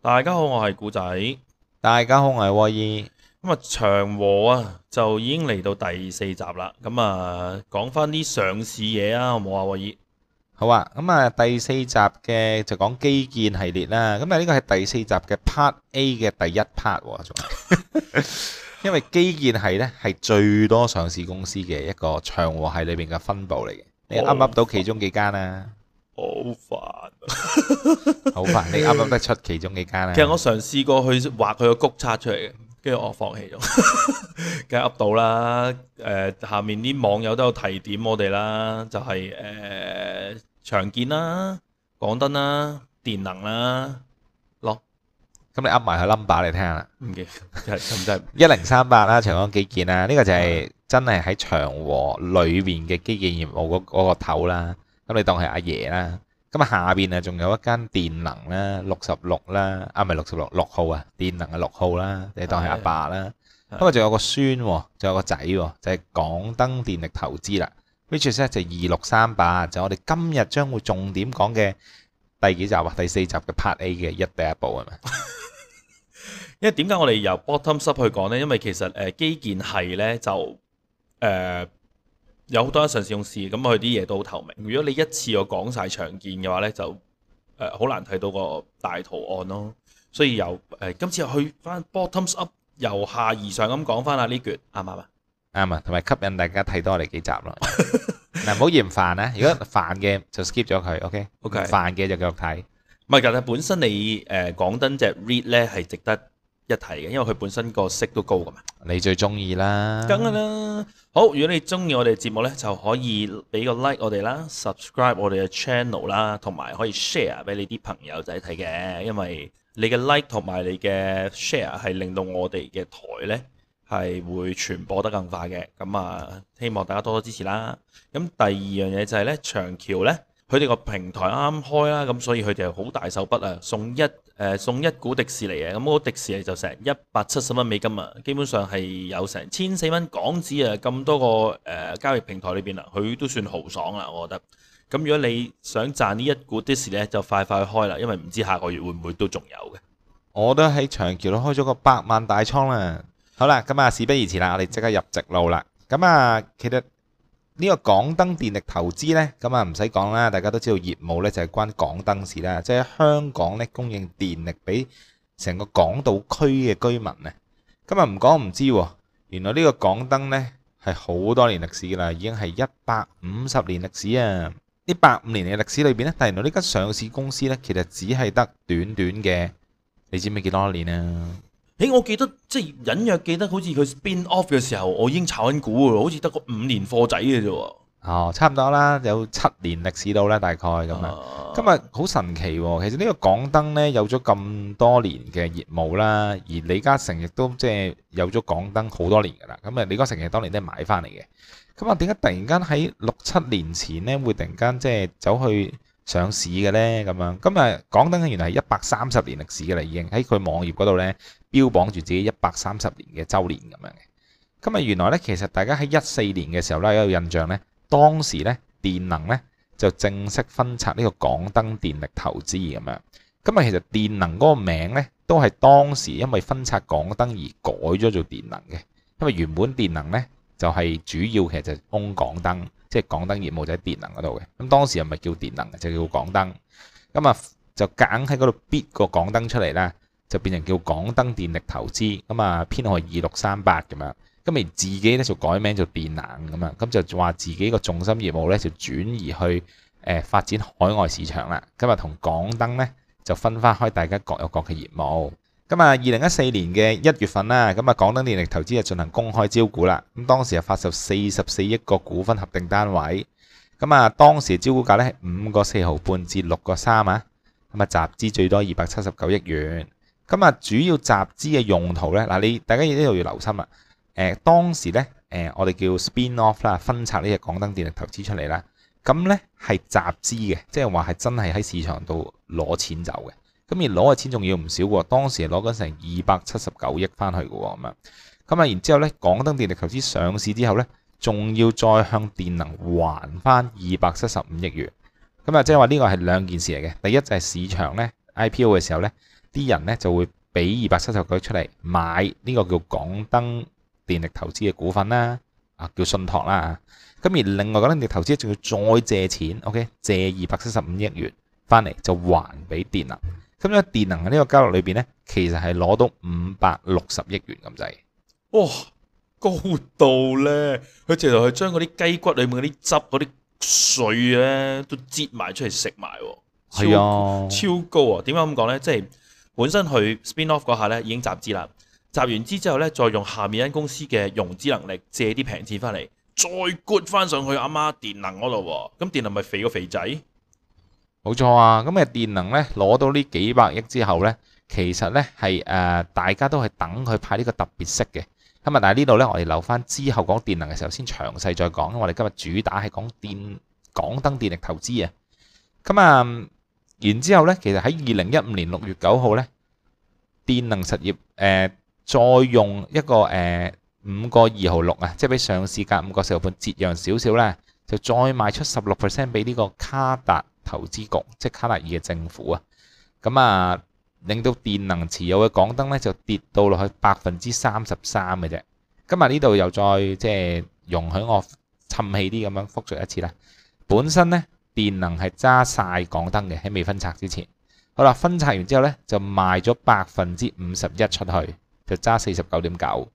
大家好，我係古仔，大家好，我係沃爾。咁啊，長和啊就已經嚟到第四集啦。咁啊，講翻啲上市嘢啊，好冇啊？沃爾。好啊，咁啊，第四集嘅就講基建系列啦。咁啊，呢個係第四集嘅 part A 嘅第一 part， 因為基建系呢係最多上市公司嘅一個長和系裏邊嘅分布，嚟嘅。你啱唔啱到其中幾間啊？哦好煩，好煩、啊！ 你啱啱得出其中幾間。其實我嘗試，試過去畫佢個谷叉出嚟嘅，跟住我放棄咗。梗係噏到啦，誒、呃，下面啲網友都有提點我哋啦，就係誒長建啦、港燈啦、電能啦，咯。咁、嗯、你噏埋個 number 嚟聽下啦，唔記得，就係一零三八啦， 38，長江基建啦，呢、這個就係真係喺長和裏面嘅基建業務嗰個頭啦。咁你當係阿爺啦，咁啊下邊啊仲有一間電能啦，六十六啦，啊唔係六十六六號啊，電能係六號啦，你當係阿爸啦。咁啊仲有個孫喎，仲有個仔喎，就係港燈電力投資啦，which is 咧就二六三八，就我哋今日將會重點講嘅第幾集啊？第四集嘅 part A 嘅一第一步係咪？因為點解我哋由 bottom up 去講咧？因為其實誒基建係咧就誒。有好多上市公司，咁佢啲嘢都好透明。如果你一次過講曬常見嘅話咧，就誒好難睇到個大圖案咯。所以由誒今次去翻 bottoms up，由下而上咁講翻啊呢句啱唔啱啊？啱啊，同埋吸引大家睇多我哋幾集咯。嗱，唔好嫌煩吖。如果煩嘅就 skip 咗佢，OK？OK？煩嘅就繼續睇。唔係，其實本身你誒講緊隻 read 咧係值得一提嘅，因為佢本身個色都高㗎嘛，你最中意啦，梗係啦。好，如果你中意我哋節目咧，就可以俾個 like 我哋啦，subscribe 我哋嘅 channel 啦，同埋可以 share 俾你啲朋友仔睇嘅，因為你嘅 like 同埋你嘅 share 係令到我哋嘅台咧係會傳播得更快嘅。咁啊，希望大家多多支持啦。咁第二樣嘢就係咧，長橋咧。佢哋個平台啱啱開啦，咁所以佢哋好大手筆啊，送一誒、呃、送一股迪士尼啊，咁嗰迪士尼就成一百七十蚊美金啊，基本上係有成千四蚊港紙啊，咁多個、呃、交易平台裏面啦，佢都算豪爽啦，我覺得。咁如果你想賺呢一股迪士尼就快快去開啦，因為唔知下個月會唔會都仲有嘅。我都喺長橋都開咗個百萬大倉啦。好啦，咁啊事不宜遲啦，我哋即刻入直路啦。咁啊，其實～呢個港燈電力投資呢，咁啊唔使講啦，大家都知道業務呢就係關港燈事啦，即係香港呢供應電力俾成個港島區嘅居民呢，今日唔講唔知，原來呢個港燈呢係好多年歷史噶啦，已經係一百五十年歷史啊！呢百五年嘅歷史裏面呢，原來呢間上市公司呢，其實只係得短短嘅，你知唔知幾多年啊？誒、哎，我記得即係隱約記得好似佢 spin off 嘅時候，我已經炒緊股喎，好似得個五年貨仔嘅啫喎。哦，差唔多啦，有七年歷史到啦，大概咁樣、啊、今日好神奇喎、哦，其實呢個港燈咧有咗咁多年嘅業務啦，而李嘉誠亦都即係有咗港燈好多年㗎啦。咁啊，李嘉誠其實當年都係買翻嚟嘅。咁啊，點解突然間喺六七年前咧會突然間即係走去上市嘅咧？咁樣今日港燈原來係一百三十年歷史嘅啦，已經喺佢網頁嗰度咧。標榜住自己一百三十年嘅周年咁樣嘅。咁啊原來咧，其實大家喺一四年嘅時候咧，有印象咧，當時咧電能咧就正式分拆呢個港燈電力投資咁樣。咁啊，其實電能嗰個名咧都係當時因為分拆港燈而改咗做電能嘅，因為原本電能咧就係主要其實就係供港燈，即係港燈業務就喺電能嗰度嘅。咁當時又咪叫電能嘅，就叫港燈。咁啊就揀喺嗰度逼個港燈出嚟啦。就變成叫港燈電力投資咁啊，編號二六三八咁樣。咁而自己咧就改名做電能咁啊，咁就話自己個重心業務咧就轉移去誒，發展海外市場啦。今日同港燈咧就分翻開，大家各有各嘅業務。咁啊，二零一四年嘅一月份啦，咁啊，港燈電力投資就進行公開招股啦。咁當時就發售四十四億個股份合訂單位。咁啊，當時招股價咧係五個四毫半至六個三啊，咁啊集資最多二百七十九億元。咁啊，主要集資嘅用途咧，嗱，你大家要呢度要留心啊。誒，當時咧，我哋叫 spin off 啦，分拆呢隻港燈電力投資出嚟啦。咁咧係集資嘅，即係話係真係喺市場度攞錢走嘅。咁而攞嘅錢仲要唔少喎，當時係攞緊成二百七十九億翻去嘅咁樣。咁啊，然之後咧，港燈電力投資上市之後咧，仲要再向電能還翻二百七十五億元。咁啊，即係話呢個係兩件事嚟嘅。第一就係市場咧 IPO 嘅時候咧。啲人咧就會俾二百七十九出嚟買呢個叫港燈電力投資嘅股份啦，啊叫信託啦。咁而另外嗰啲電力投資仲要再借錢，OK 借二百七十五億元翻嚟就還俾電能。咁樣電能喺呢個交易裏面咧，其實係攞到五百六十億元咁滯。哇，高到咧，佢直頭係將嗰啲雞骨裏面嗰啲汁嗰啲碎呢，都擠埋出嚟食埋。係啊呀，超高啊！點解咁講咧？即係。本身佢 spin off 嗰下呢已經集資啦，集完資之後呢，再用下面間公司嘅融資能力借啲平錢翻嚟，再 cut 翻上去阿媽，媽電能嗰度喎。咁電能咪肥個肥仔？冇錯啊。咁啊，電能呢，攞到呢幾百億之後呢，其實呢係誒大家都係等佢派呢個特別息嘅。咁啊，但係呢度呢，我哋留翻之後講電能嘅時候先詳細再講。我哋今日主打係講電港燈電力投資這啊。咁啊。然之後咧，其實喺二零一五年六月九號咧，電能實業誒再用一個誒五個二毫六啊，即係比上市價五個四毫半折讓少少咧，就再賣出十六 percent 俾呢個卡達投資局，即係卡達爾嘅政府啊。咁啊，令到電能持有嘅港燈咧就跌到落去百分之三十三嘅啫。今日呢度又再即係容許我氹氣啲咁樣複述一次啦。本身咧。電能係揸晒港燈嘅，喺未分拆之前。好啦，分拆完之後呢，就賣咗百分之五十一出去，就揸四十九點九。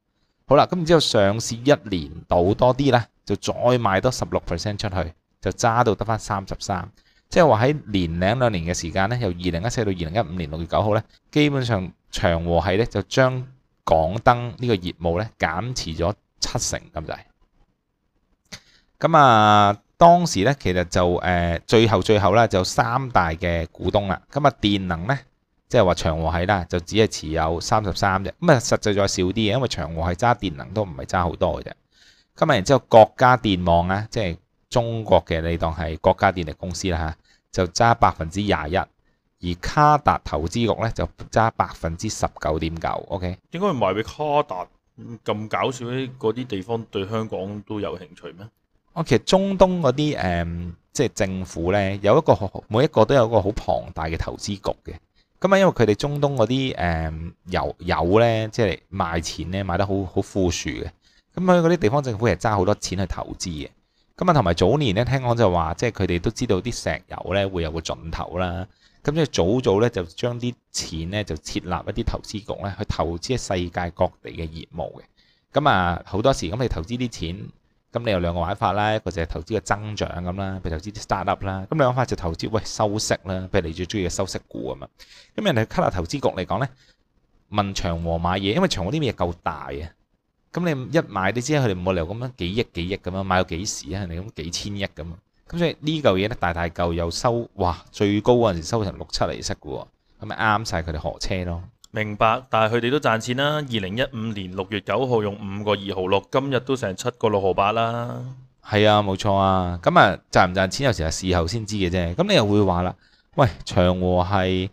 好啦，咁然之後上市一年到多啲啦，就再賣多十六 percent 出去，就揸到得翻三十三。即係話喺年零兩年嘅時間呢，由二零一四到二零一五年六月九號呢，基本上長和系呢就將港燈呢個業務呢減持咗七成咁滯。咁啊～當時咧，其實就、呃、最後最後咧，就三大嘅股東啦。咁啊，電能咧，即係話長和系啦，就只係持有三十三啫。咁啊，實際再少啲嘅，因為長和係揸電能都唔係揸好多嘅啫。咁啊，然之後，國家電網啊，即係中國嘅，你當係國家電力公司啦嚇，就揸百分之廿一。而卡達投資局咧，就揸百分之十九點九。OK。應該賣俾卡達。咁搞笑，啲嗰啲地方對香港都有興趣咩？其實中東嗰啲誒，即係政府咧，有一個每一個都有一個好龐大嘅投資局嘅。咁、嗯、啊，因為佢哋中東嗰啲誒油油咧，即係賣錢咧，賣得好好富庶嘅。咁佢嗰啲地方政府係揸好多錢去投資嘅。咁、嗯、啊，同埋早年咧，聽講就話，即係佢哋都知道啲石油咧會有個盡頭啦。咁即係早早咧就將啲錢咧就設立一啲投資局咧去投資世界各地嘅業務嘅。咁、嗯、啊，好、嗯、多時咁你投資啲錢。咁你有兩個玩法啦，一個就係投資嘅增長咁啦，譬如投資啲 start up 啦。咁兩玩法就投資喂收息啦，譬如你最中意嘅收息股啊嘛。咁人哋加拿大投資局嚟講咧，問長和買嘢，因為長和啲嘢夠大啊。咁你一買你知佢哋冇理由咁樣幾億幾億咁樣買到幾時啊？人哋咁幾千億咁。咁所以呢嚿嘢咧大大嚿又收，哇！最高嗰陣時收成六七厘息喎，咁咪啱晒佢哋學車咯。明白，但係佢哋都賺錢啦。二零一五年六月九號用五個二毫六，今日都成七個六毫八啦。係啊，冇錯啊。咁啊，賺唔賺錢有時係事後先知嘅啫。咁你又會話啦，喂，長和係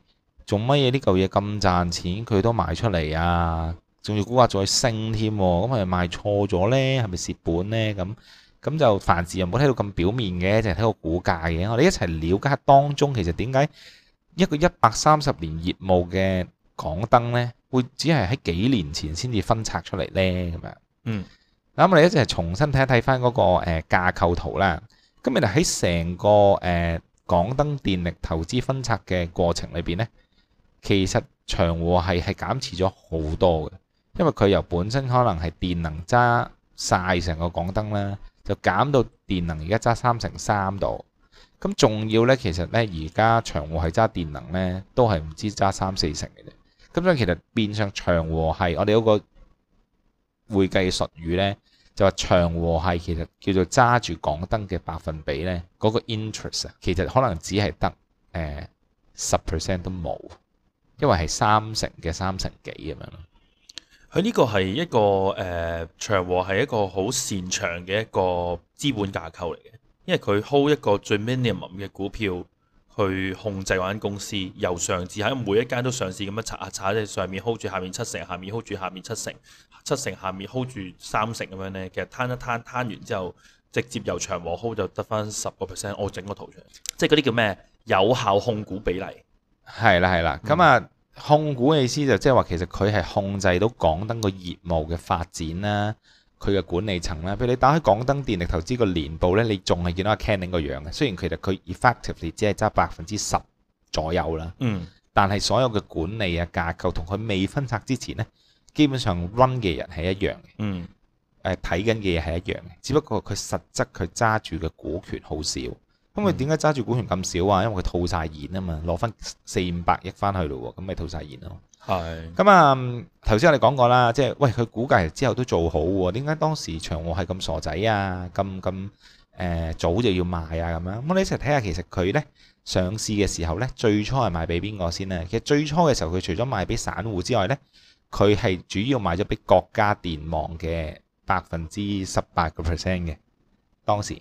做乜嘢？呢嚿嘢咁賺錢，佢都賣出嚟啊，仲要估下再升添。咁係咪賣錯咗呢？係咪蝕本呢？咁咁就凡事又冇睇到咁表面嘅，淨係睇個股價嘅。我哋一齊了解下當中，其實點解一個一百三十年業務嘅，港燈咧會只係喺幾年前先至分拆出嚟呢。咁樣，嗯，咁我哋一直係重新睇一睇返嗰個、呃、架構圖啦。咁咪喺成個誒、呃、港燈電力投資分拆嘅過程裏邊呢，其實長和係係減持咗好多嘅，因為佢由本身可能係電能揸晒成個港燈啦，就減到電能而家揸三成三度。咁仲要呢，其實呢，而家長和係揸電能呢，都係唔知揸三四成嘅啫。咁所以其實變相長和係我哋嗰個會計嘅術語呢，就話長和係其實叫做揸住港燈嘅百分比呢。嗰個 interest 其實可能只係得十 percent 都冇，因為係三成嘅三成幾咁樣。佢呢個係一個誒、呃、長和係一個好擅長嘅一個資本架構嚟嘅，因為佢 hold 一個最 minimum 嘅股票。去控制嗰間公司，由上市喺每一間都上市咁樣查下查，即上面 hold 住，下面七成，下面 hold 住，下面七成，七成下面 hold 住三成咁樣呢。其實攤一攤攤完之後，直接由長和 hold 就得翻十個 percent，我整個圖出嚟即係嗰啲叫咩有效控股比例，係啦係啦，咁啊、嗯、控股嘅意思就即係話其實佢係控制到港燈個業務嘅發展啦、啊。佢嘅管理層啦，譬如你打開港燈電力投資個年報咧，你仲係見到阿 Canning 個樣嘅。雖然其實佢 effectively 只係揸百分之十左右啦，嗯，但係所有嘅管理啊架構同佢未分拆之前咧，基本上 run 嘅人係一樣嘅，嗯，誒，睇緊嘅嘢係一樣嘅，只不過佢實質佢揸住嘅股權好少，咁佢點解揸住股權咁少啊？因為佢套晒現啊嘛，攞翻四五百億翻去咯，咁咪套晒現咯。係咁啊！頭先是、嗯、我哋講過啦，即係喂佢估計之後都做好喎，點解當時長和係咁傻仔啊？咁咁誒，早就要賣啊咁樣。咁我哋一齊睇下，其實佢呢上市嘅時候呢，最初係賣俾邊個先呢？其實最初嘅時候，佢除咗賣俾散戶之外呢，佢係主要賣咗俾國家電網嘅百分之十八個 percent 嘅當時。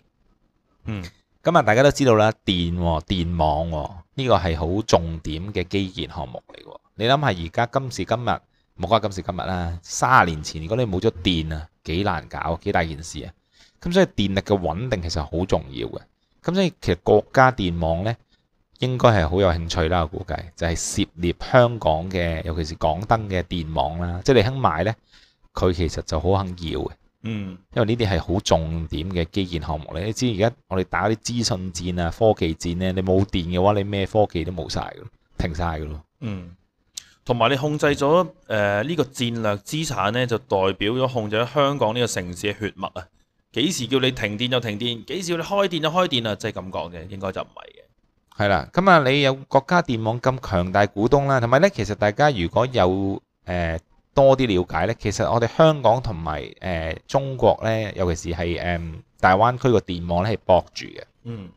嗯，咁啊、嗯嗯，大家都知道啦，電、哦、電網呢、哦這個係好重點嘅基建項目嚟喎。你諗下而家今時今日，冇講今時今日啦，三十年前如果你冇咗電啊，幾難搞，幾大件事啊！咁所以電力嘅穩定其實好重要嘅。咁所以其實國家電網呢，應該係好有興趣啦，我估計就係、係、涉獵香港嘅，尤其是港燈嘅電網啦。即係你肯買，買呢，佢其實就好肯要嘅。嗯，因為呢啲係好重點嘅基建項目。你知而家我哋打啲資訊戰啊、科技戰呢，你冇電嘅話，你咩科技都冇晒㗎，停晒㗎咯。嗯。同埋你控制咗誒呢個戰略資產呢，就代表咗控制咗香港呢個城市嘅血脈啊！幾時叫你停電就停電，幾時叫你開電就開電啊！即係咁講嘅，應該就唔係嘅。係啦，咁啊，你有國家電網咁強大股東啦，同埋呢，其實大家如果有誒、呃、多啲了解呢，其實我哋香港同埋誒中國呢，尤其是係誒、呃、大灣區個電網呢，係駁住嘅。嗯，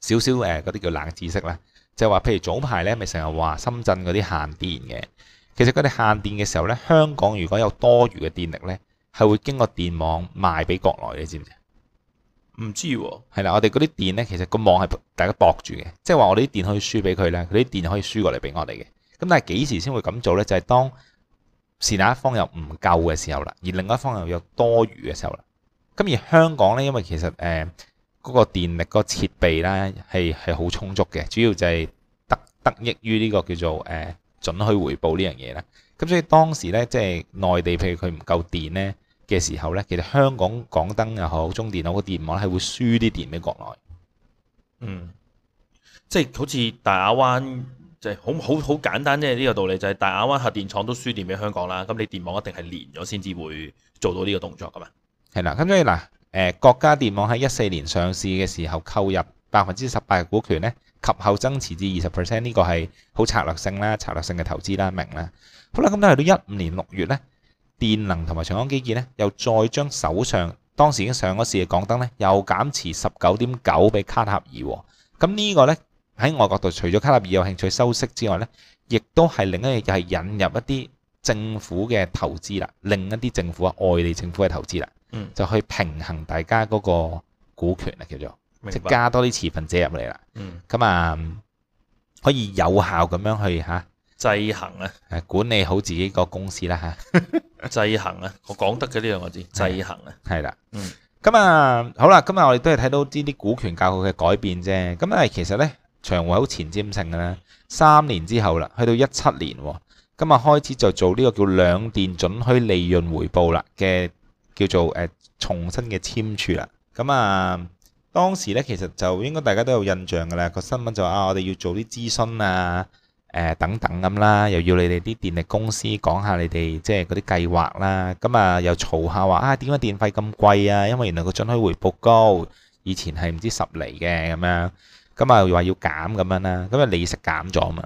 少少誒嗰啲叫冷知識啦。就話譬如早排咧，咪成日話深圳嗰啲限電嘅。其實佢哋限電嘅時候咧，香港如果有多餘嘅電力咧，係會經過電網賣俾國內，你知唔知啊？唔知喎。係啦，我哋嗰啲電咧，其實個網係大家駁住嘅，即係話我哋啲電可以輸俾佢咧，佢啲電可以輸過嚟俾我哋嘅。咁但係幾時先會咁做咧？就係、是、當是那一方又唔夠嘅時候啦，而另一方又有多餘嘅時候啦。咁而香港咧，因為其實誒。呃嗰個電力嗰個設備咧係係好充足嘅，主要就係得得益於呢個叫做誒準許回報呢樣嘢啦。咁所以當時咧，即係內地譬如佢唔夠電咧嘅時候咧，其實香港港燈又好，中電嗰個電網係係會輸啲電俾國內。嗯，即係好似大亞灣，即係好好好簡單，即係呢個道理就係大亞灣核電廠都輸電俾香港啦。咁你電網一定係連咗先至會做到呢個動作噶嘛？係啦，咁所以嗱。誒國家電網喺一四年上市嘅時候購入百分之十八嘅股權咧，及後增持至二十 percent，呢個係好策略性啦，策略性嘅投資啦，明啦。好啦，咁都係到一五年六月咧，電能同埋長江基建咧，又再將手上當時已經上咗市嘅港燈咧，又減持十九點九俾卡塔爾。咁呢個咧喺外國度，除咗卡塔爾有興趣收息之外咧，亦都係另一樣就係引入一啲政府嘅投資啦，另一啲政府啊，外地政府嘅投資啦。嗯、就去平衡大家嗰個股權啊，叫做即白加多啲持份者入嚟啦。嗯，咁啊，可以有效咁樣去吓制衡啊，管理好自己個公司啦吓。啊、制衡啊， 我講得嘅呢兩個字，是制衡啊，係啦。嗯，咁啊，好啦，今日我哋都係睇到呢啲股權教育嘅改變啫。咁啊其實呢，長和好前瞻性㗎啦，三年之後啦，去到一七年，咁啊開始就做呢個叫兩電準許利潤回報啦嘅。叫做誒重新嘅簽署啦，咁啊當時咧其實就應該大家都有印象㗎啦，個新聞就話啊我哋要做啲諮詢啊，誒等等咁啦，又要你哋啲電力公司講下你哋即係嗰啲計劃啦，咁啊又嘈下話啊點解電費咁貴啊？因為原來個準許回報高，以前係唔知十釐嘅咁樣，咁啊又話要減咁樣啦，咁啊利息減咗啊嘛，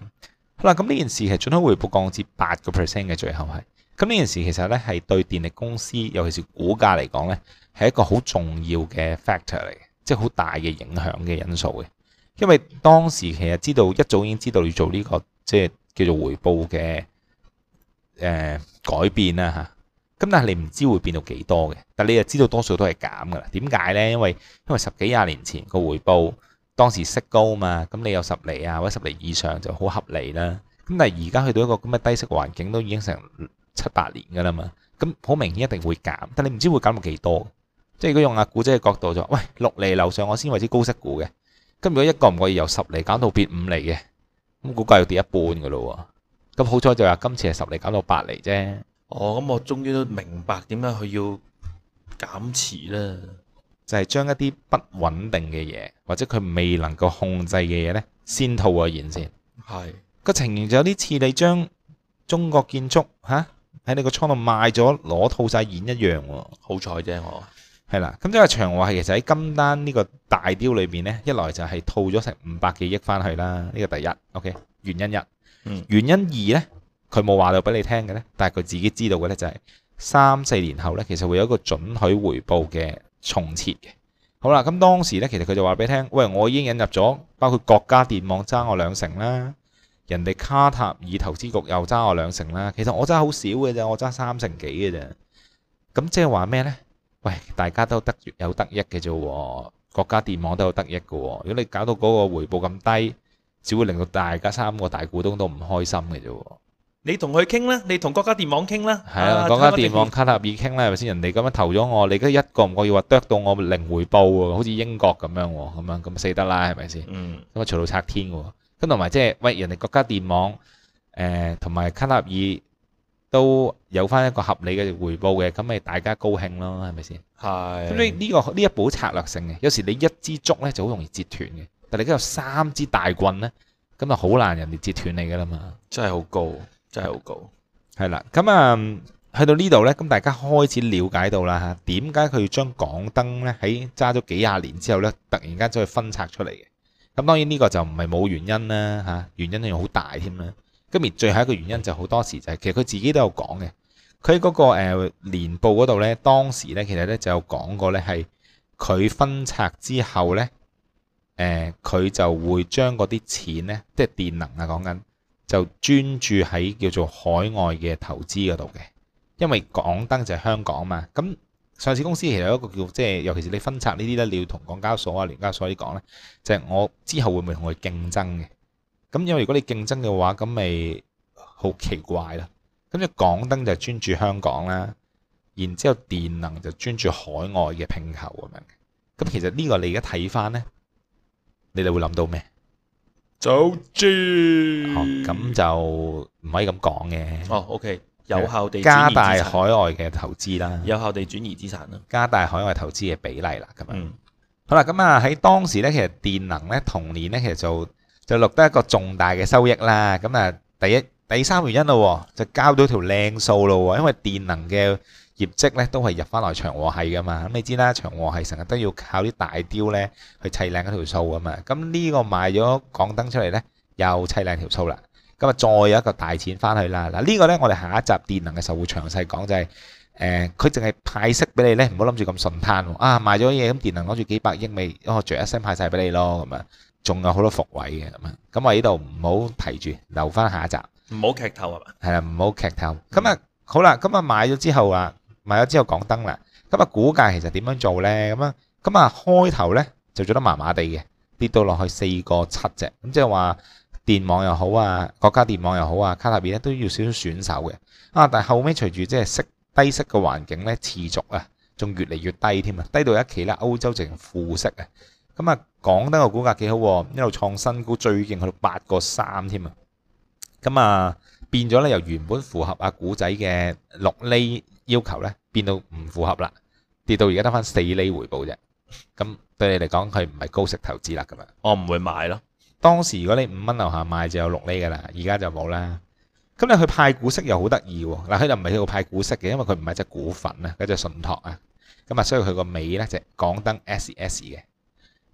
好啦咁呢件事係準許回報降至八個 percent 嘅，最後係。咁呢件事其實咧係對電力公司，尤其是股價嚟講咧，係一個好重要嘅 factor 嚟嘅，即係好大嘅影響嘅因素嘅。因為當時其實知道，一早已經知道要做呢個即係叫做回報嘅誒改變啦嚇。咁但係你唔知會變到幾多嘅，但係你就知道多數都係減噶啦。點解咧？因為因為十幾廿年前個回報，當時息高嘛，咁你有十釐啊或者十釐以上就好合理啦。咁但係而家去到一個咁嘅低息環境，都已經成。七八年㗎喇嘛，咁好明顯一定會減，但係你唔知會減到幾多。即係如果用阿古仔嘅角度就，喂，六釐樓上我先為之高息股嘅，咁如果一個唔覺意由十釐減到變五釐嘅，咁估計要跌一半㗎咯喎。咁好彩就話今次係十釐減到八釐啫。哦，咁我終於都明白點解佢要減持啦，就係將一啲不穩定嘅嘢或者佢未能夠控制嘅嘢呢，先套下錢先。係個情形就有啲似你將中國建築嚇。喺你個倉度賣咗，攞套晒現一樣喎，好彩啫我。係啦，咁即係長和係其實喺金單呢個大雕裏面呢，一來就係套咗成五百幾億翻去啦，呢個第一。OK，原因一。嗯。原因二呢，佢冇話到俾你聽嘅呢，但係佢自己知道嘅呢，就係三四年後呢，其實會有一個准許回報嘅重設嘅。好啦，咁當時呢，其實佢就話俾你聽，喂，我已經引入咗包括國家電網爭我兩成啦。人哋卡塔爾投資局又揸我兩成啦，其實我揸好少嘅啫，我揸三成幾嘅啫。咁即係話咩呢？喂，大家都得有得益嘅啫。國家電網都有得益嘅。如果你搞到嗰個回報咁低，只會令到大家三個大股東都唔開心嘅啫。你同佢傾啦，你同國家電網傾啦。係啊，啊國家電網卡塔爾傾啦，係咪先？人哋咁樣投咗我，你而家一個唔覺意話剁到我零回報喎，好似英國咁樣喎，咁樣咁死得啦，係咪先？嗯。咁啊，除到拆天喎！咁同埋即係喂，人哋國家電網誒，同埋卡塔爾都有翻一個合理嘅回報嘅，咁咪大家高興咯，係咪先？係。咁所以呢個呢一步策略性嘅，有時你一支竹咧就好容易折斷嘅，但係你有三支大棍咧，咁啊好難人哋折斷你噶啦嘛。真係好高，真係好高。係啦，咁啊，去到呢度咧，咁大家開始瞭解到啦嚇，點解佢要將港燈咧喺揸咗幾廿年之後咧，突然間走去分拆出嚟嘅？咁當然呢個就唔係冇原因啦吓，原因係好大添啦。跟住最後一個原因就好多時就係、是、其實佢自己都有講嘅，佢嗰個誒年報嗰度咧，當時咧其實咧就有講過咧係佢分拆之後咧，誒佢就會將嗰啲錢咧，即係電能啊講緊，就專注喺叫做海外嘅投資嗰度嘅，因為港燈就係香港嘛，咁。上市公司其實有一個叫即係，尤其是你分拆呢啲咧，你要同港交所啊、聯交所啲講咧，就係我之後會唔會同佢競爭嘅？咁因為如果你競爭嘅話，咁咪好奇怪啦。咁你港燈就專注香港啦，然之後電能就專注海外嘅併購咁樣。咁其實呢個你而家睇翻咧，你哋會諗到咩？走資。咁就唔可以咁講嘅。哦，OK。有效地轉移資產，加大海外嘅投資啦，有效地轉移資產啦，加大海外投資嘅比例啦，咁樣，嗯。好啦，咁啊喺當時咧，其實電能咧同年咧，其實就就錄得一個重大嘅收益啦。咁啊，第一第三原因咯，就交咗條靚數咯，因為電能嘅業績咧都係入翻來長和系噶嘛。咁你知啦，長和系成日都要靠啲大雕咧去砌靚一條數噶嘛。咁呢個賣咗港燈出嚟咧，又砌靚條數啦。今日再有一個大錢翻去啦！嗱，呢個咧，我哋下一集電能嘅時候會詳細講，就係誒，佢淨係派息俾你咧，唔好諗住咁順攤啊！賣咗嘢咁電能攞住幾百億咪，我著一身派曬俾你咯咁啊！仲有好多伏位嘅咁啊！咁我呢度唔好提住，留翻下一集。唔好劇透吖嘛？係啊，唔好劇透。咁啊，好啦，咁啊買咗之後啊，買咗之後講燈啦。咁啊估價其實點樣做咧？咁啊咁啊開頭咧就做得麻麻地嘅，跌到落去四個七隻咁，即係話。電網又好啊，國家電網又好啊，卡塔爾咧都要少少選手嘅啊，但係後尾隨住即係低息嘅環境咧持續啊，仲越嚟越低添啊，低到一期啦，歐洲淨負息啊，咁啊港燈個股價幾好喎，啊，一路創新高，最勁去到八個三添啊，咁、嗯、啊、嗯、變咗咧由原本符合啊股仔嘅六厘要求咧變到唔符合啦，跌到而家得翻四厘回報啫，咁對你嚟講佢唔係高息投資啦咁啊，我唔會買咯。當時如果你五蚊樓下買就有六厘嘅啦，而家就冇啦。咁你去派股息又好得意喎。嗱，佢就唔係叫派股息嘅，因為佢唔係隻股份啊，佢隻信託啊。咁啊，所以佢個尾咧就港燈 SS 嘅。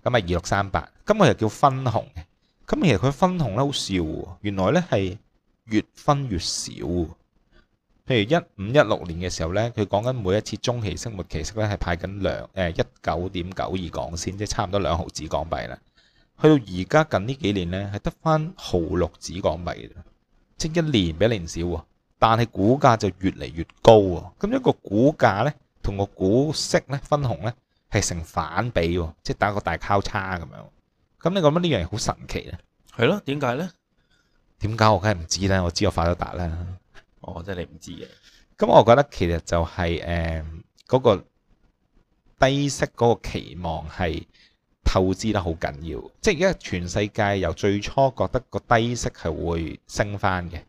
咁啊，二六三八，咁我又叫分紅。咁其實佢分紅咧好少，原來咧係越分越少。譬如一五一六年嘅時候咧，佢講緊每一次中期息或末期息咧係派緊兩誒一九點九二港仙，即係差唔多兩毫子港幣啦。去到而家近呢幾年呢，係得翻毫六子港幣嘅，即一年比一年少喎。但係股價就越嚟越高喎。咁一個股價呢，同個股息呢，分紅呢，係成反比，即係打個大交叉咁樣。咁你覺得呢樣嘢好神奇呢？係咯？點解呢？點解我梗係唔知呢？我知我發咗達啦。我真係你唔知嘅。咁我覺得其實就係、是、誒，嗰、呃嗰個低息嗰個期望係。透支得好緊要，即係而家全世界由最初覺得個低息係會升翻嘅，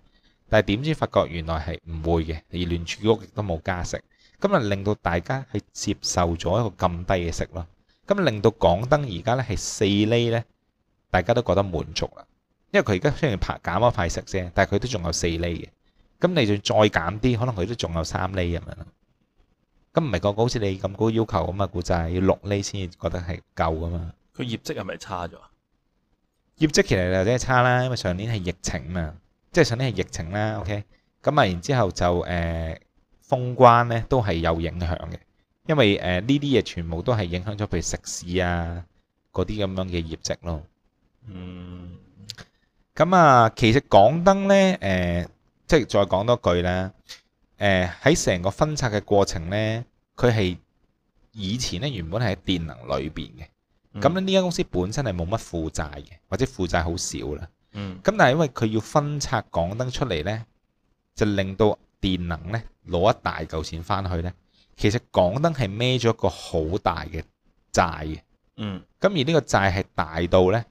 但係點知發覺原來係唔會嘅，而聯儲局亦都冇加息，咁啊令到大家係接受咗一個咁低嘅息咯，咁令到港燈而家呢係四厘呢，大家都覺得滿足啦，因為佢而家雖然拍減咗塊息啫，但係佢都仲有四厘嘅，咁你就再再減啲，可能佢都仲有三厘咁樣。咁唔係個個好似你咁高要求咁啊？估計要六釐先至覺得係夠噶嘛？佢業績係咪差咗？業績其實就真係差啦，因為上年係疫情啊嘛，即係上年係疫情啦。OK，咁啊，然之後就誒封關咧，都係有影響嘅，因為誒呢啲嘢全部都係影響咗譬如食肆啊嗰啲咁樣嘅業績咯。嗯，咁啊，其實港燈咧誒，即係再講多句啦。誒喺成個分拆嘅過程呢，佢係以前呢原本係喺電能裏邊嘅，咁呢間公司本身係冇乜負債嘅，或者負債好少啦。嗯。咁但係因為佢要分拆港燈出嚟呢，就令到電能呢攞一大嚿錢翻去呢。其實港燈係孭咗一個好大嘅債嘅。嗯。咁而呢個債係大到呢，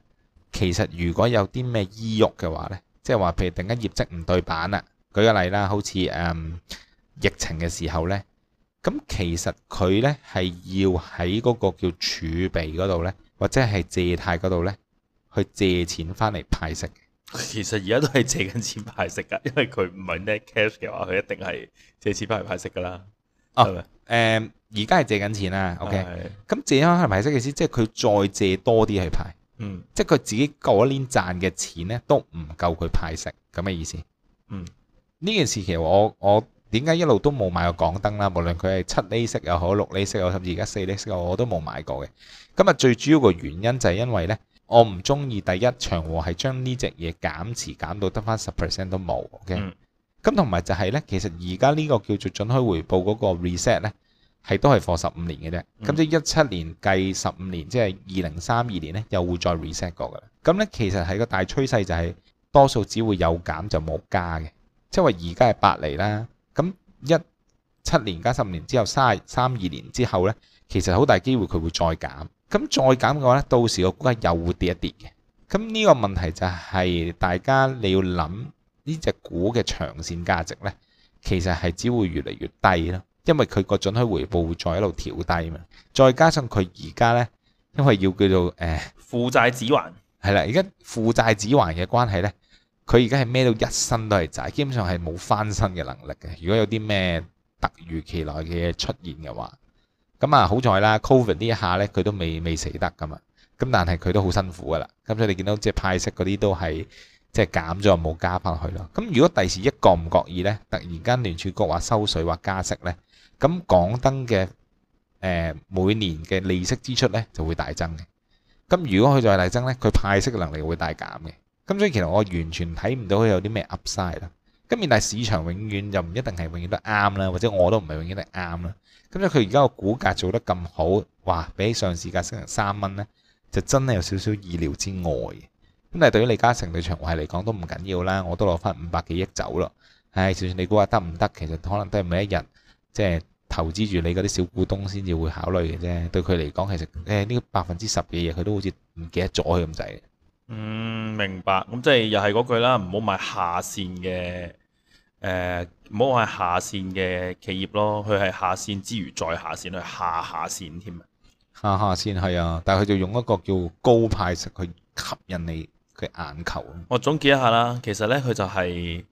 其實如果有啲咩依郁嘅話呢，即係話譬如突然間業績唔對版啦。舉個例啦，好似誒、嗯、疫情嘅時候咧，咁其實佢咧係要喺嗰個叫儲備嗰度咧，或者係借貸嗰度咧，去借錢翻嚟派息。其實而家都係借緊錢派息噶，因為佢唔係 net cash 嘅話，佢一定係借錢翻嚟派息噶啦。哦，誒，而家係借緊錢啦。OK，咁借翻嚟派息嘅意思，即係佢再借多啲去派。嗯，即係佢自己嗰年賺嘅錢咧，都唔夠佢派息，咁嘅意思。嗯。呢件事其實我我點解一路都冇買過港燈啦，無論佢係七厘息又好六厘息又好，又甚至而家四厘息，我都冇買過嘅。咁日最主要個原因就係因為呢，我唔中意第一長和係將呢隻嘢減持減到得返十 percent 都冇 OK，咁同埋就係呢，其實而家呢個叫做準許回報嗰個 reset 呢，係都係放十五年嘅啫。咁即係一七年計十五年，即係二零三二年呢，又會再 reset 過噶啦。咁呢，其實係個大趨勢就係、是、多數只會有減就冇加嘅。即係話而家係八厘啦，咁一七年加十五年之後，三三二年之後呢，其實好大機會佢會再減。咁再減嘅話呢，到時個股價又會跌一跌嘅。咁呢個問題就係大家你要諗呢隻股嘅長線價值呢，其實係只會越嚟越低啦，因為佢個準許回報會再一路調低嘛。再加上佢而家呢，因為要叫做誒負債指環係啦，而家負債指環嘅關係呢。佢而家係孭到一身都係債，基本上係冇翻身嘅能力嘅。如果有啲咩突如其來嘅嘢出現嘅話，咁啊好在啦，covid 呢一下咧，佢都未未死得㗎嘛。咁但係佢都好辛苦噶啦。咁所以你見到即係派息嗰啲都係即係減咗又冇加翻去咯。咁如果第時一覺唔覺意咧，突然間聯儲局話收水或加息咧，咁港燈嘅誒每年嘅利息支出咧就會大增嘅。咁如果佢再大增咧，佢派息嘅能力會大減嘅。咁所以其實我完全睇唔到佢有啲咩 Upside 啦。咁但係市場永遠就唔一定係永遠都啱啦，或者我都唔係永遠都啱啦。咁所以佢而家個股價做得咁好，哇！比起上市價升成三蚊呢，就真係有少少意料之外。咁但係對於李嘉誠對長和嚟講都唔緊要啦，我都攞翻五百幾億走咯。唉、哎，就算你估下得唔得，其實可能都係每一日即係投資住你嗰啲小股東先至會考慮嘅啫。對佢嚟講，其實誒呢百分之十嘅嘢佢都好似唔記得咗佢咁滯。嗯，明白。咁、嗯、即係又係嗰句啦，唔好買下線嘅，誒、呃，唔好買下線嘅企業咯。佢係下線之餘再下線，去下下線添啊。下下線係啊，但係佢就用一個叫高派息去吸引你嘅眼球。我總結一下啦，其實呢，佢就係、是、誒、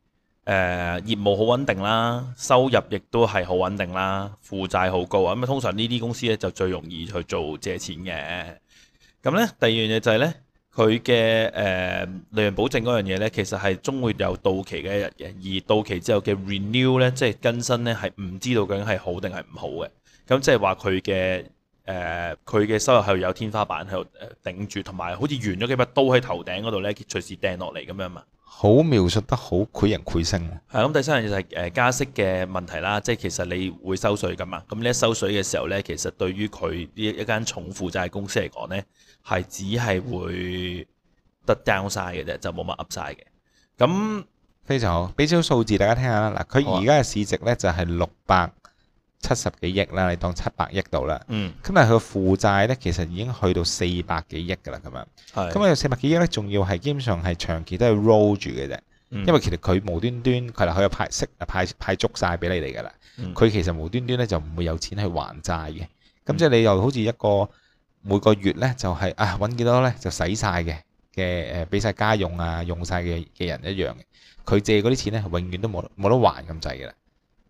呃、業務好穩定啦，收入亦都係好穩定啦，負債好高啊。咁通常呢啲公司咧就最容易去做借錢嘅。咁呢，第二樣嘢就係呢。佢嘅誒利潤保證嗰樣嘢呢，其實係終會有到期嘅一日嘅，而到期之後嘅 renew 呢，即係更新呢，係唔知道究竟係好定係唔好嘅。咁即係話佢嘅誒，佢，呃，佢嘅收入係有天花板喺度頂住，同埋好似懸咗幾把刀喺頭頂嗰度呢，佢隨時掟落嚟咁樣嘛。好描述得好潰潰，攰人攰聲。咁，第三樣就係、是呃、加息嘅問題啦。即係其實你會收稅㗎嘛。咁你收稅嘅時候咧，其實對於佢呢一間重負債公司嚟講咧，係只係會得 downside 嘅啫，就冇乜 upside 嘅。咁非常好，俾少數字大家聽下啦。嗱，佢而家嘅市值咧就係六百。七十幾億啦，你當七百億度啦。嗯。咁但係佢負債咧，其實已經去到四百幾億㗎啦。咁樣。咁啊係，四百幾億咧，仲要係基本上係長期都係 roll 住嘅啫。嗯、因為其實佢無端端，佢嗱佢又派息啊，派派足晒俾你哋㗎啦。佢、嗯、其實無端端咧就唔會有錢去還債嘅。咁即係你又好似一個每個月咧就係、係、啊揾幾多咧就使晒嘅嘅誒，俾晒家用啊，用晒嘅嘅人一樣嘅。佢借嗰啲錢咧，永遠都冇冇得，得還咁滯㗎啦。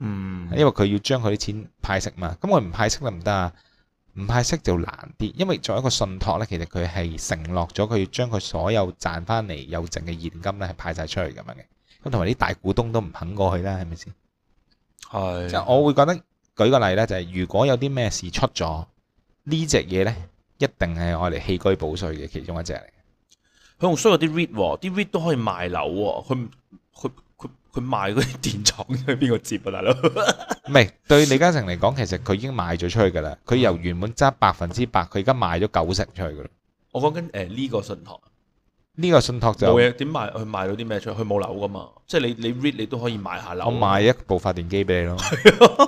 嗯，因為佢要將佢啲錢派息嘛，咁佢唔派息得唔得啊？唔派息就難啲，因為作為一個信託咧，其實佢係承諾咗佢要將佢所有賺翻嚟有剩嘅現金咧係派晒出去咁樣嘅。咁同埋啲大股東都唔肯過去啦，係咪先？係是，即係我會覺得舉個例咧，就係、是、如果有啲咩事出咗，這東西呢隻嘢咧一定係我哋棄車保帥嘅其中一隻嚟嘅。佢仲需要啲 REIT，啲、哦、REIT 都可以賣樓、哦，佢佢。他佢賣嗰啲電廠俾邊個接啊，大佬？唔係對李嘉誠嚟講，其實佢已經賣咗出去噶啦。佢由原本揸百分之百，佢而家賣咗九成出去噶啦。我講緊誒呢個信託，呢個信託就冇嘢。點賣去賣咗啲咩出去？佢冇樓噶嘛，即係你你 read 你都可以買下樓。我賣一部發電機俾你咯。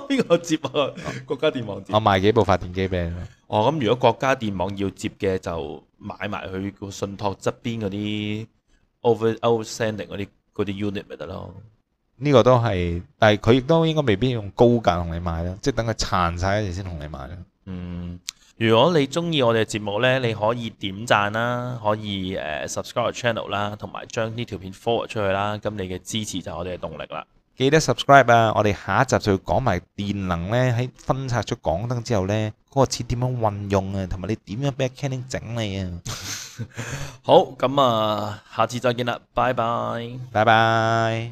邊 個接啊？啊國家電網接。我賣幾部發電機俾你咯。哦，咁、嗯、如果國家電網要接嘅，就買埋佢個信託側邊嗰啲 over outstanding 嗰啲啲 unit 咪得咯。呢個都係，但係佢亦都應該未必用高價同你買啦，即係等佢殘晒嗰時先同你買啦。嗯，如果你中意我哋嘅節目呢，你可以點讚啦，可以 subscribe channel 啦，同埋將呢條片 forward 出去啦，咁你嘅支持就係我哋嘅動力啦。記得 subscribe 啊，我哋下一集就要講埋電能呢，喺分拆出港燈之後呢，嗰、那個錢點樣運用啊，同埋你點樣 b a k i n g 整你啊？ 好，咁啊，下次再見啦，拜拜，拜拜。